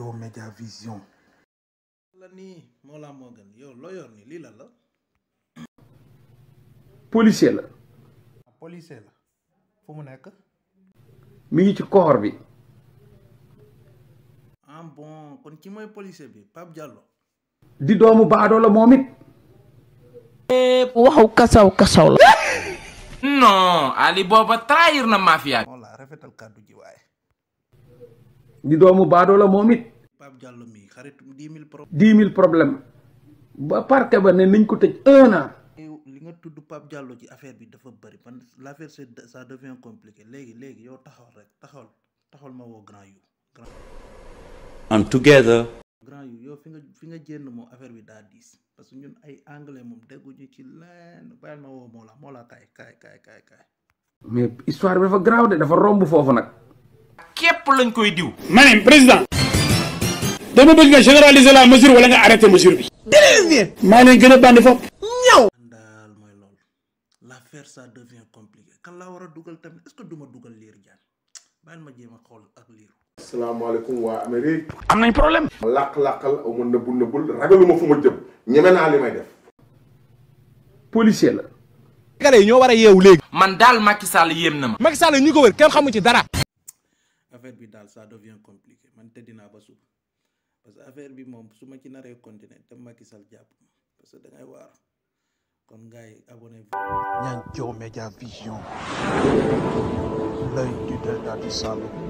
Rojo Media Vision. la nii moo laa policier ah, policier la fu ci koor bi. ah bon kon ci mooy policier bi o Diallo. di doomu baadoo la moom it. Eh, waxu kasaw kasaw la. non Ali booba trahir na mafia. moo la rafetal ji waaye. di doomu baado la momit pap moom mi xarit 10000 problème ba parquet ba ne niñ ko tëj 1 an li nga tuddu pap Diallo ci affaire bi dafa bari ban l'affaire ça devient compliqué légui légui yow taxawal rek taxawal taxawal ma wo grand yu grand and together grand yu yow fi nga fi nga jenn mo affaire bi da diis parce que ñun ay anglais mom moom ñu ci lenn bàyyil ma wo moo la moo la kay kay kay kaay kaay mais histoire bi dafa graaw dafa rombu fofu nak képp lañ koy diw. ma président. dama bëgg nga généraliser la mesure wala nga arrêter mesure bi. déedéet. maa leen gën a bandi foofu. ñëw. daal mooy loolu l'affaire ça devient compliqué kan laa war a dugal tamit est-ce que duma dugal liir jaan bàyyil ma jéem a xool ak liir. asalaamaaleykum waa Amérique. am nañ problème. làq-làqal aw ma nëbbul nëbbul ragaluma fu ma jëm ñeme naa li may def. policier la. gars ñoo war a yeewu léegi. man daal Macky Sall yéem na ma. Macky ñu ko wër kenn xamu ci dara. affaire bi daal ça devient compliqué man tëddi ba suba parce que affaire bi moom su ma ci naree continuer te Macky Sall jàpp parce que da ngay waar ngay gars yi abonné. Nianthio Média Vision l'œil du delta du Saloum.